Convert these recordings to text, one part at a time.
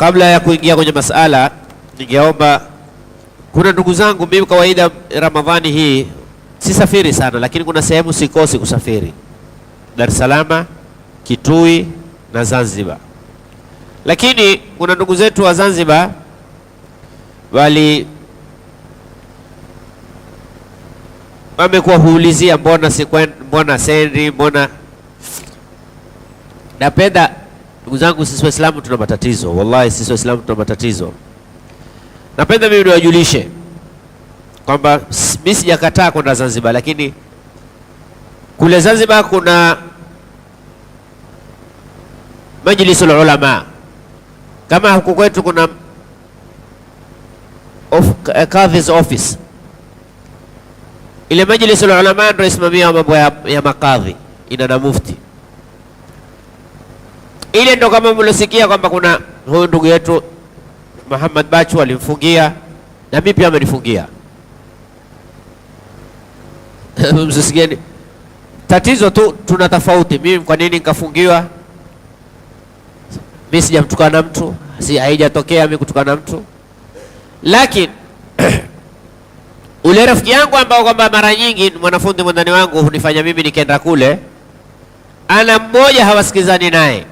Kabla ya kuingia kwenye masala, ningeomba kuna ndugu zangu, mimi kawaida Ramadhani hii sisafiri sana, lakini kuna sehemu sikosi kusafiri, Dar es Salaam, Kitui na Zanzibar. Lakini kuna ndugu zetu wa Zanzibar wali wamekuwa huulizia mbona sikwen, mbona sendi, mbona napenda Ndugu zangu, sisi Waislamu tuna matatizo, wallahi, sisi Waislamu tuna matatizo. Napenda mimi niwajulishe kwamba mimi sijakataa kwenda Zanzibar, lakini kule Zanzibar kuna majlisul ulama kama huku kwetu kuna of, uh, eh, kadhi's office. Ile majlisul ulama ndio isimamia mambo ya, ya makadhi, ina na mufti ile ndo kama mlosikia kwamba kuna huyu ndugu yetu Muhammad Bachu alimfungia na mimi pia amenifungia. Msisikieni tatizo tu, tuna tofauti. Mimi kwa nini nikafungiwa? Mimi sijamtukana mtu, si haijatokea mimi kutukana mtu, lakini ule rafiki yangu ambao kwamba mara nyingi mwanafunzi mwandani wangu hunifanya mimi nikaenda kule, ana mmoja hawasikizani naye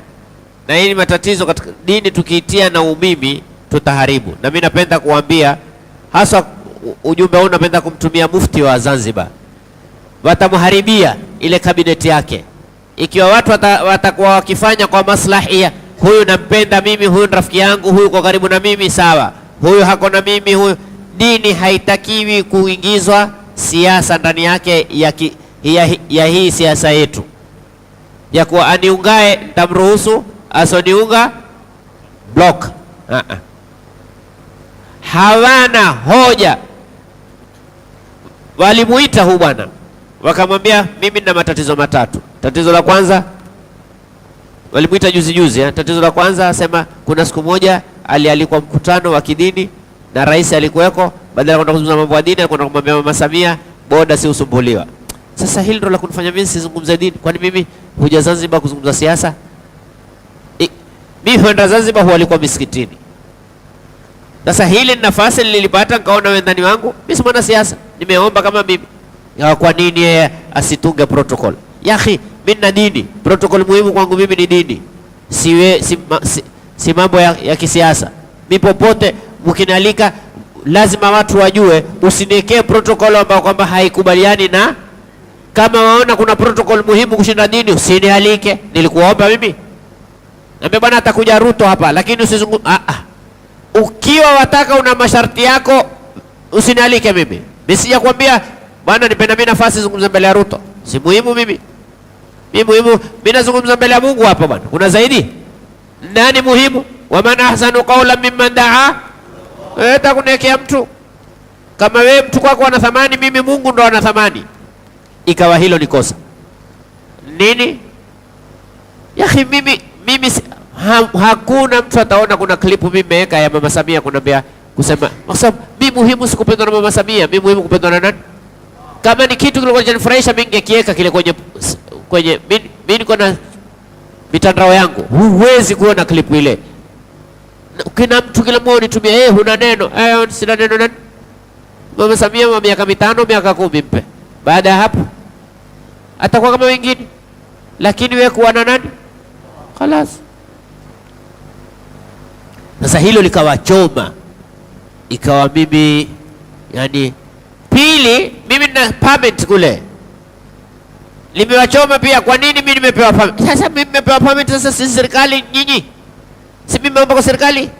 na hili matatizo katika dini tukiitia na umimi tutaharibu. Na mimi napenda kuambia hasa ujumbe huu napenda kumtumia mufti wa Zanzibar, watamharibia ile kabineti yake ikiwa watu watakuwa wakifanya kwa maslahi ya huyu nampenda mimi, huyu ni rafiki yangu, huyu kwa karibu na mimi sawa, huyu hako na mimi huyu. Dini haitakiwi kuingizwa siasa ndani yake ya, ki, ya, ya hii siasa yetu ya kuwa aniungae nitamruhusu Asoni unga block. Uh -uh. Hawana hoja. Walimuita huu bwana wakamwambia, mimi nina matatizo matatu. Tatizo la kwanza walimuita juzi juzi, eh? Tatizo la kwanza asema, kuna siku moja alialikwa mkutano wa kidini na rais alikuweko, badala ya kwenda kuzungumza mambo ya dini alikwenda kumwambia mama Samia, boda si usumbuliwa. Sasa hili ndo la kunifanya mimi sizungumze dini. Kwani mimi huja Zanzibar kuzungumza siasa? mimi kwenda Zanzibar huwalikuwa misikitini. Sasa hili nafasi nililipata, nikaona wendani wangu, mimi si mwanasiasa, nimeomba kama mimi. Kwa nini yeye asitunge protocol? Yahi, mimi na dini, protocol muhimu kwangu mimi ni dini, siwe si, ma, si, si mambo ya, ya kisiasa. Mi popote mkinalika, lazima watu wajue, usiniwekee protocol ambayo kwamba haikubaliani na. Kama waona kuna protocol muhimu kushinda dini, usinialike. Nilikuomba mimi Naambia bwana atakuja Ruto hapa lakini usizungu... ah, ah. Ukiwa wataka una masharti yako usinialike mimi. Nisija sijakwambia bwana nipenda mimi nafasi zungumza mbele ya Ruto. Si muhimu mimi. Mimi muhimu mimi nazungumza mbele ya Mungu hapa bwana. Kuna zaidi? Nani muhimu? Wa man ahsanu qawla mimman daa. Wewe takunekea mtu kama wewe mtu kwako ana thamani, mimi Mungu ndo ana thamani. Ikawa hilo ni kosa. Nini? Yahi mimi mimi ha, hakuna mtu ataona kuna klipu mimi nimeweka ya Mama Samia kunambia kusema, kwa sababu mimi muhimu si kupendwa na Mama Samia, mimi muhimu kupendwa na nani? Kama ni kitu kilikuwa kinanifurahisha mimi ningekiweka kile kwenye kwenye mimi niko na mitandao yangu, huwezi kuona klipu ile. Kila mtu kila mmoja unitumia eh, huna neno eh, sina neno nani? Mama Samia wa miaka mitano miaka kumi mpe, baada ya hapo atakuwa kama wengine, lakini wewe kuwa na nani Khalas. Sasa hilo likawachoma, ikawa mimi yani, pili mimi nina permit kule limewachoma pia. Kwa nini mimi nimepewa permit? Sasa mimi nimepewa permit, sasa si serikali nyinyi, si mimi mambo kwa serikali.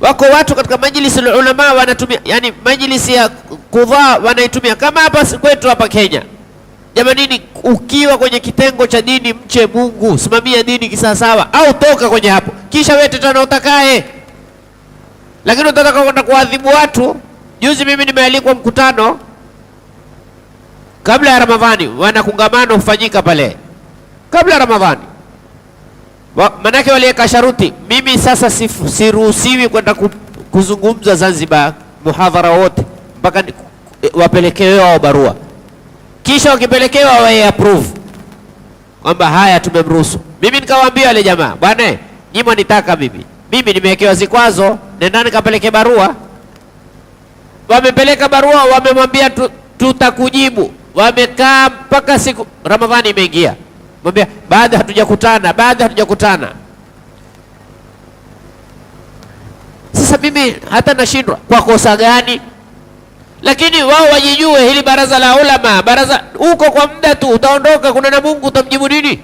Wako watu katika majlisi ulama wanatumia, yani majlisi ya kudhaa wanaitumia kama hapa kwetu hapa Kenya Jamanini, ukiwa kwenye kitengo cha dini, mche Mungu, simamia dini kisawasawa, au toka kwenye hapo, kisha wewe tena utakaye. Lakini utataka kwenda kuadhibu watu. Juzi mimi nimealikwa mkutano kabla ya Ramadhani, wana kongamano hufanyika pale kabla ya Ramadhani. Manake waliweka sharuti, mimi sasa siruhusiwi kwenda kuzungumza Zanzibar muhadhara wote mpaka eh, wapelekewe wao barua kisha wakipelekewa wa approve kwamba haya tumemruhusu. Mimi nikawaambia wale jamaa, bwana nyinyi nitaka mimi, mimi nimewekewa zikwazo, nenda nikapeleke barua. Wamepeleka barua, wamemwambia tutakujibu. Wamekaa mpaka siku Ramadhani imeingia, mwambia baadhi hatujakutana, baadhi hatujakutana. Sasa mimi hata nashindwa kwa kosa gani? lakini wao wajijue, hili baraza la ulama, baraza huko kwa muda tu, utaondoka. Kuna na Mungu utamjibu nini?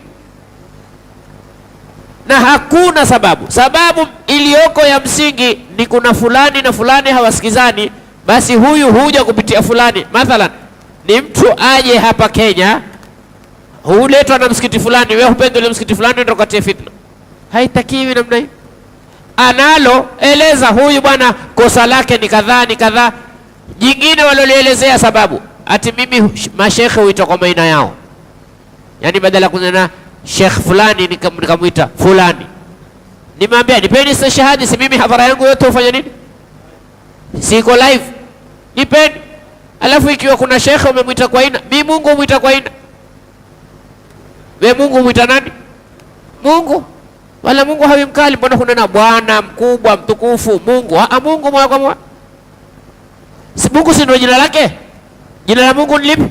Na hakuna sababu. Sababu iliyoko ya msingi ni kuna fulani na fulani hawasikizani, basi huyu huja kupitia fulani. Mathalan, ni mtu aje hapa Kenya, huletwa na msikiti fulani, wewe hupendi ile msikiti fulani, ndio katia fitna. Haitakiwi namna hii. Analo eleza huyu bwana, kosa lake ni kadhaa, ni kadhaa Jingine walolielezea sababu ati mimi mashekhe huitwa kwa maina yao, yaani badala ya kunena shekh fulani nikamwita fulani. Nimeambia nipeni shahadi, si mimi hadhara yangu yote hufanya nini? Siko live, nipeni. Alafu ikiwa kuna shekhe umemwita kwa aina, mi Mungu umwita kwa aina, we Mungu umwita nani? Mungu wala Mungu hawimkali, mbona kunena bwana mkubwa mtukufu Mungu? Aa, ah, ah, Mungu moja kwa moja Mungu si ndio jina lake? Jina la Mungu ni lipi?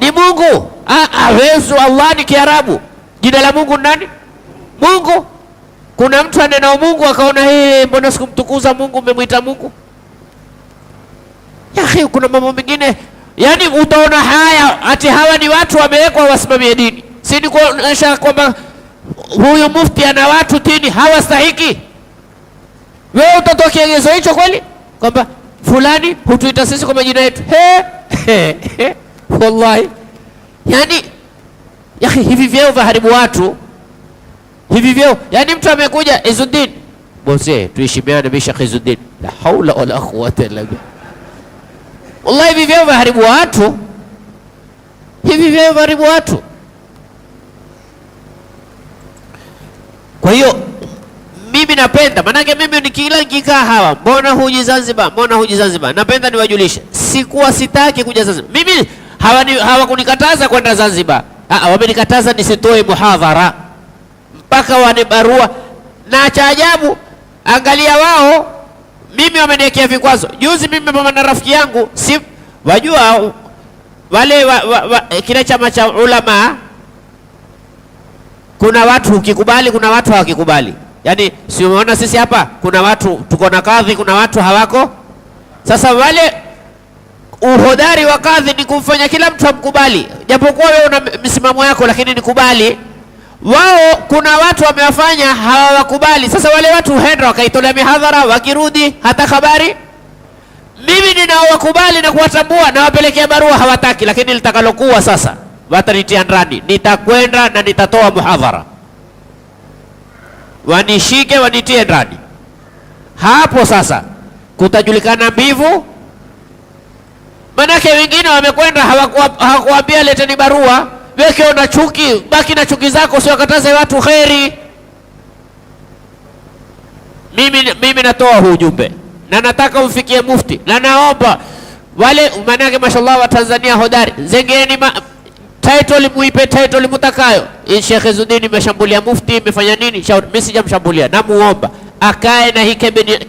Ni Mungu. Wezu ah, ah, Allah ni Kiarabu. Jina la Mungu nani? Mungu. Kuna mtu anena Mungu akaona hey, mbona sikumtukuza Mungu, umemwita Mungu? Yaani kuna mambo mengine yaani utaona haya ati hawa ni watu wamewekwa wasimamie dini, si ni kuonyesha kwamba huyu mufti ana watu tini hawastahiki? Wewe utatokea kiegezo hicho kweli kwamba fulani hutuita sisi kwa majina yetu. He, wallahi yani ya hivi vyeo vya haribu watu hivi vyeo. Yani mtu amekuja Izuddin Bose, tuheshimiane Bishak Izuddin, la haula wala quwwata illa billah. Wallahi hivi vyeo vya haribu watu, hivi vyeo vya haribu watu. Kwa hiyo mimi napenda, maanake mimi nikila nikikaa hawa, mbona huji Zanzibar, mbona huji Zanzibar? Napenda niwajulishe, sikuwa sitaki kuja Zanzibar mimi. Hawakunikataza hawa kwenda Zanzibar, ah, wamenikataza nisitoe muhadhara mpaka wane barua. Na cha ajabu, angalia wao, mimi wameniwekea vikwazo. Juzi mimi mama na rafiki yangu si wajua wale wa, wa, wa, kile chama cha ulama, kuna watu ukikubali, kuna watu hawakikubali. Yaani si umeona sisi hapa kuna watu tuko na kadhi, kuna watu hawako. Sasa wale uhodari wa kadhi ni kumfanya kila mtu amkubali, japokuwa wewe una msimamo yako, lakini nikubali. Wao kuna watu wamewafanya hawawakubali. Sasa wale watu huenda wakaitolea mihadhara, wakirudi hata habari. Mimi ninaowakubali na kuwatambua na wapelekea barua hawataki, lakini litakalokuwa sasa watanitiandani, nitakwenda na nitatoa muhadhara wanishike wanitie ndani. Hapo sasa kutajulikana mbivu, manake wengine wamekwenda hawakuambia leteni barua, weke una chuki, baki na chuki zako, usiwakataze watu kheri. Mimi, mimi natoa huu ujumbe na nataka umfikie Mufti na naomba wale, manake mashallah wa Tanzania hodari, zengeni title muipe title mutakayo. Sheikh Izzuddin imeshambulia mufti, imefanya nini? Shauri mimi sijamshambulia, namuomba akae na hii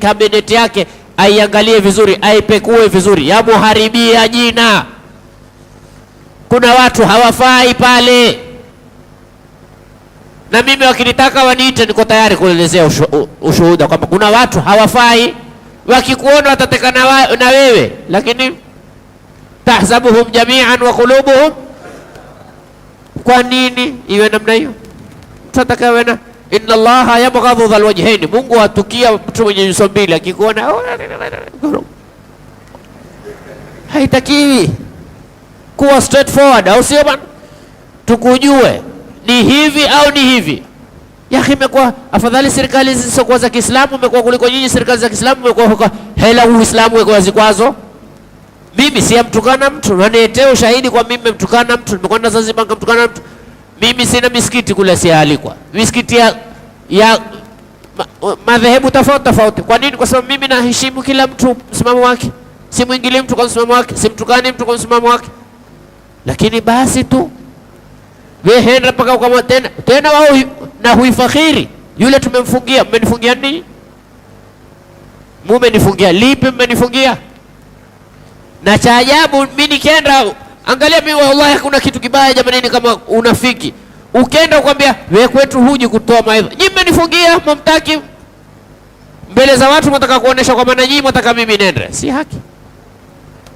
kabineti yake aiangalie vizuri, aipekue vizuri, yamuharibia jina. Kuna watu hawafai pale, na mimi wakinitaka waniite, niko tayari kuelezea ushuhuda kwamba kuna watu hawafai. Wakikuona watateka na, na wewe, lakini tahsabuhum jamian wa qulubuhum kwa nini iwe namna hiyo? Mtataka inna Allaha yabghadhu dhal wajhaini, Mungu atukia mtu mwenye nyuso mbili, akikuona oh, haitakiwi kuwa straightforward, au sio bwana? Tukujue ni hivi au ni hivi. Yaani imekuwa afadhali serikali zisizokuwa za Kiislamu imekuwa kuliko nyinyi serikali za Kiislamu imekuwa hela Uislamu ikwazo mimi siyamtukana mtu, nanietee ushahidi kwa mimi mtukana mtu, nimekwenda Zanzibar nikamtukana mtu. Mimi sina misikiti kule, siyaalikwa misikiti ya, ya madhehebu ma, madhehebu tofauti tofauti. Kwa nini? Kwa sababu mimi naheshimu kila mtu msimamo wake, simwingili mtu kwa msimamo wake, simtukani mtu kwa msimamo wake. Lakini basi tu wehenda mpaka kwa tena tena, wao na huifakhiri yule tumemfungia. Mmenifungia nini? Mumenifungia lipi? Mmenifungia na cha ajabu mimi nikienda, angalia mimi wallahi, hakuna kitu kibaya jamanini kama unafiki. Ukienda ukwambia wewe kwetu huji kutoa maelezo, nyinyi mmenifungia, mamtaki mbele za watu, mtaka kuonesha kwa maana nyinyi mtaka mimi nende, si haki.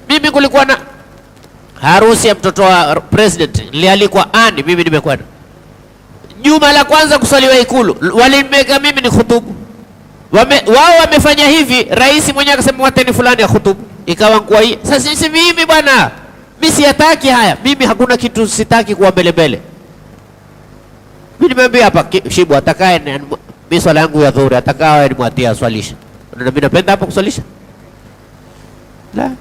Mimi kulikuwa na harusi ya mtoto wa president, nilialikwa ani, mimi nimekwenda juma la kwanza kusaliwa Ikulu, walimeka mimi ni khutubu wame, wao wamefanya hivi, rais mwenyewe akasema wateni fulani ya hutubu ikawa kwa hii. Sasa sisi mimi bwana, mimi siyataki haya, mimi hakuna kitu sitaki kuwa mbele mbele. Mimi nimeambia hapa Shibu atakaye mimi swala yangu ya dhuhuri atakaye nimwatia swalisha. Na mimi napenda hapa kuswalisha. La.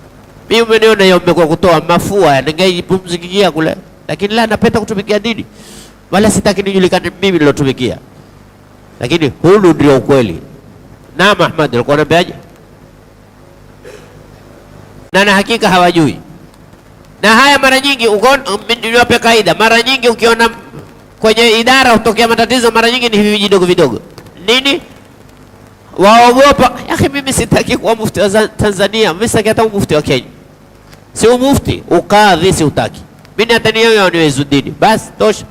Mimi umeniona yeye umekuwa kutoa mafua, pumzikia kule. Lakini la napenda kutumikia dini. Wala sitaki nijulikane mimi nilotumikia. Lakini huu ndio ukweli. Naam, Ahmad alikuwa anambiaje? Na na hakika hawajui. Na haya mara nyingi niwape kaida, mara nyingi ukiona kwenye idara utokea matatizo, mara nyingi ni hivi vidogo vidogo. Nini? Waogopa. Yaani mimi sitaki kuwa mufti wa Tanzania, mimi sitaki hata mufti wa Kenya. Si mufti, ukadhi si utaki. Mimi natania yao niwezudini. Basi tosha.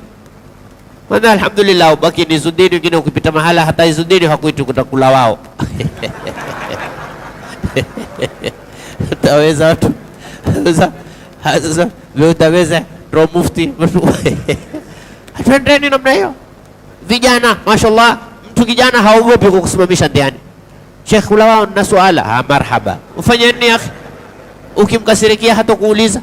Maana alhamdulillah ubaki ni zundini wengine ukipita mahala hata zundini hakuitu kutakula wao utaweza watu utaweza ro mufti twendeni namna hiyo. Vijana mashallah, mtu kijana haogopi kukusimamisha ndiani. Sheikh, kula wao na suala ah, marhaba, ufanye nini akhi? Ukimkasirikia hata kuuliza.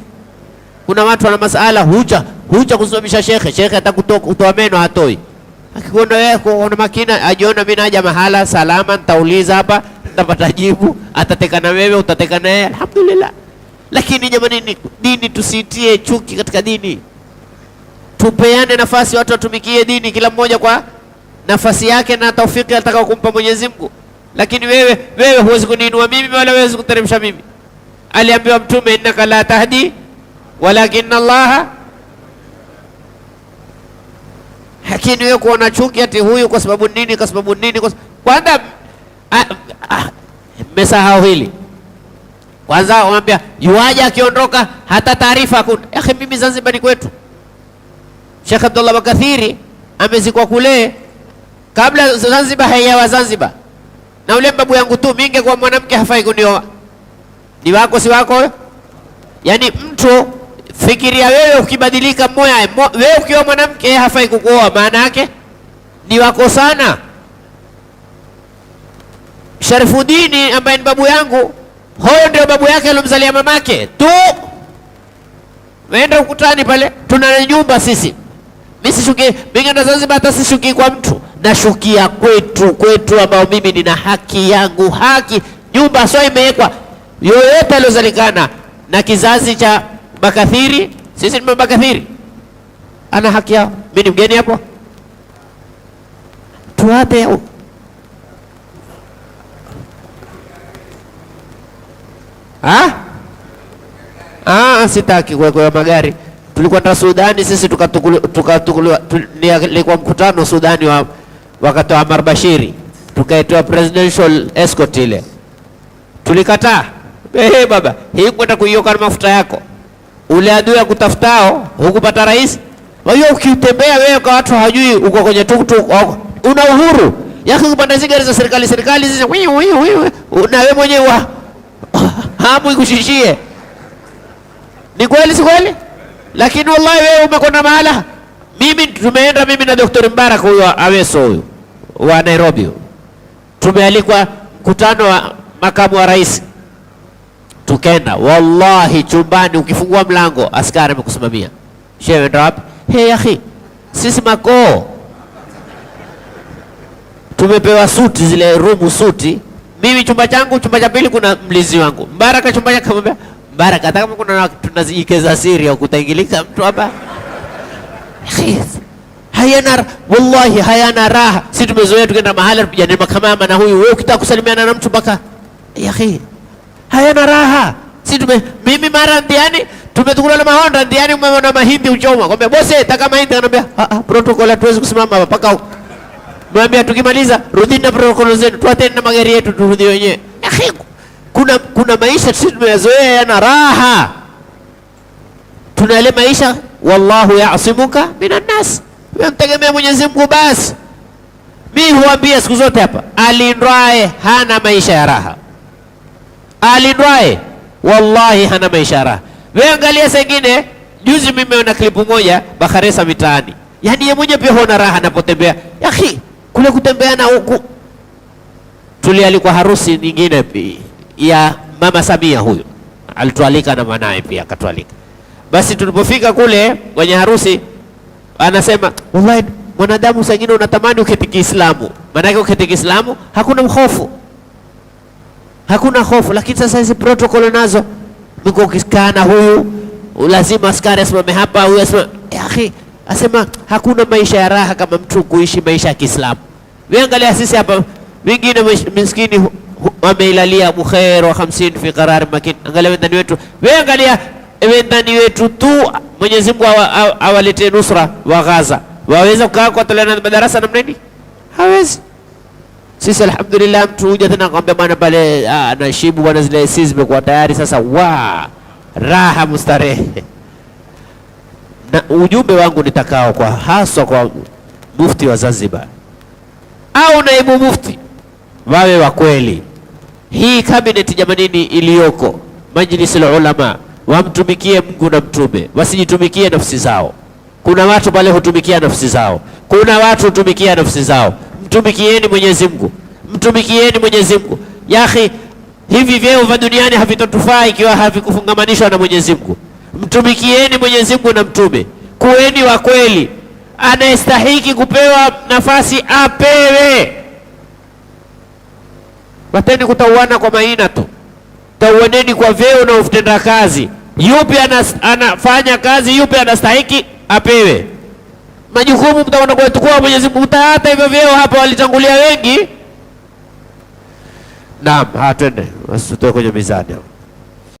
Kuna watu wana masala huja kucha kusomesha shekhe, shekhe atakutoa meno hatoi. Akikwenda yeye kuona makina, ajiona mimi naja mahala salama, nitauliza hapa, nitapata jibu, atateka na wewe, utateka na yeye. Alhamdulillah. Lakini jamani, dini tusitie chuki katika dini, tupeane nafasi, watu watumikie dini, kila mmoja kwa nafasi yake na taufiki atakao kumpa Mwenyezi Mungu. Lakini wewe wewe huwezi kuniinua mimi wala huwezi kuteremsha mimi. Aliambiwa Mtume, innaka la tahdi walakinna Allaha Lakini wewe kuona chuki ati huyu kwa sababu nini, kwa sababu nini? Kwanza ah, ah, ah, mmesahau hili kwanza, wambia yuaja akiondoka hata taarifa hakuna. Akhi, mimi Zanzibar ni kwetu. Sheikh Abdullah Bakathiri amezikwa kule kabla Zanzibar haijawa Zanzibar, na ule mbabu yangu tu mingi kwa mwanamke hafai kunioa. Ni wako si wako? Yaani mtu Fikiria wewe ukibadilika moya, wewe ukiwa mwanamke hafai kukuoa, maana yake ni wako sana. Sharifudini ambaye ni babu yangu, huyo ndio babu yake alomzalia mamake tu. Wenda ukutani pale, tuna nyumba sisi. Mimi sishuki Binganda Zanzibar, hata sishuki kwa mtu, nashukia kwetu, kwetu ambao mimi nina haki yangu, haki nyumba sio imewekwa yoyote aliozalikana na kizazi cha makathiri, sisi ni makathiri. ana haki yao. Mimi ni mgeni hapo, tuwape ha? Ah, sitaki kwa kwa magari. Tulikuwa na Sudani sisi tukatukuliwa, nilikuwa mkutano Sudani wa wakati wa Marbashiri. Bashiri, tukaitoa presidential escort ile, tulikataa. Ehe baba, hii kwenda kuioka mafuta yako ule adui ya kutafutao hukupata rais. Kwa hiyo ukitembea wewe kwa watu hawajui uko kwenye tuktuk, una uhuru ya yaani, kupanda gari za serikali serikali wii. na wewe mwenyewe wa hamu ikushishie. Ni kweli, si kweli? Lakini wallahi wewe umekwenda mahala. Mimi tumeenda mimi na Daktari Mbaraka huyo Aweso huyo wa Nairobi, tumealikwa mkutano wa makamu wa rais tukenda, wallahi chumbani ukifungua mlango askari amekusimamia, shehe ameenda wapi? He akhi, sisi makoo tumepewa suti zile rumu suti. Mimi chumba changu, chumba cha pili kuna mlizi wangu Mbaraka, chumba chake kamwambia Mbaraka, hata kama kuna tunazijikeza siri au kutaingilika mtu hapa hayana wallahi, hayana raha. Si tumezoea tukenda mahali tupijane makamama na huyu wewe, ukitaka kusalimiana na mtu mpaka ya khair hayana raha. Si tume mimi mara ndiani tumetukula na mahonda ndiani, umeona mahindi uchoma. Kwambia bose, taka mahindi, anambia ah ah, protocol hatuwezi kusimama hapa paka huko. Mwambia tukimaliza rudini na protocol zenu, tuateni na magari yetu turudi wenyewe. Kuna kuna maisha sisi tumeyazoea yana raha. Tuna ile maisha wallahu yaasimuka minan nas. Mtegemea Mwenyezi Mungu basi. Mimi huambia siku zote hapa, alindwae hana maisha ya raha alidwae wallahi hana maishara. Wewe angalia sengine, juzi mimi na klipu moja bakaresa mitaani, yani yeye mwenye pia huona raha anapotembea. Yahi, kule kutembea na huku tulialikwa harusi nyingine pia ya mama Samia, huyo alitualika na mwanaye pia akatualika. Basi tulipofika kule kwenye harusi, anasema wallahi, mwanadamu sengine unatamani uketi Kiislamu, maanake uketi Kiislamu hakuna mhofu hakuna hofu. Lakini sasa hizi protocol nazo mko ukiskana, huyu lazima askari asimame hapa, huyu asimame. Akhi, asema hakuna maisha ya raha kama mtu kuishi maisha ya Kiislamu. Angalia sisi hapa, wengine miskini wameilalia bukheri wa 50 fi qarar makin. Angalia wendani wetu, angalia wendani wetu tu, Mwenyezi Mungu awalete nusra wa Gaza, waweza kukaa kwa toleana madarasa namna nini? Hawezi. Sisi alhamdulillah, mtu huja tena kambia bwana pale ah, nashibu bwana, zile sisi zimekuwa tayari sasa, wa raha mustarehe. Na ujumbe wangu nitakao kwa haswa kwa mufti wa Zanzibar au naibu mufti, wawe wa kweli. Hii kabineti jamanini iliyoko majlisi la ulama, wamtumikie Mungu na Mtume, wasijitumikie nafsi zao. Kuna watu pale hutumikia nafsi zao, kuna watu hutumikia nafsi zao mtumikieni Mwenyezi Mungu, mtumikieni Mwenyezi Mungu. Yahi, hivi vyeo vya duniani havitotufaa ikiwa havikufungamanishwa na Mwenyezi Mungu. Mtumikieni Mwenyezi Mungu na mtume, kuweni wa kweli. Anayestahiki kupewa nafasi apewe. Wateni kutauana kwa maina tu, tauaneni kwa vyeo na kazi Yupi anafanya kazi, yupi anastahiki apewe majukumu mtakwenda kuwachukua Mwenyezi Mungu. Hata hivyo vyeo hapa walitangulia wengi. Naam, twende wasitoe kwenye mizani.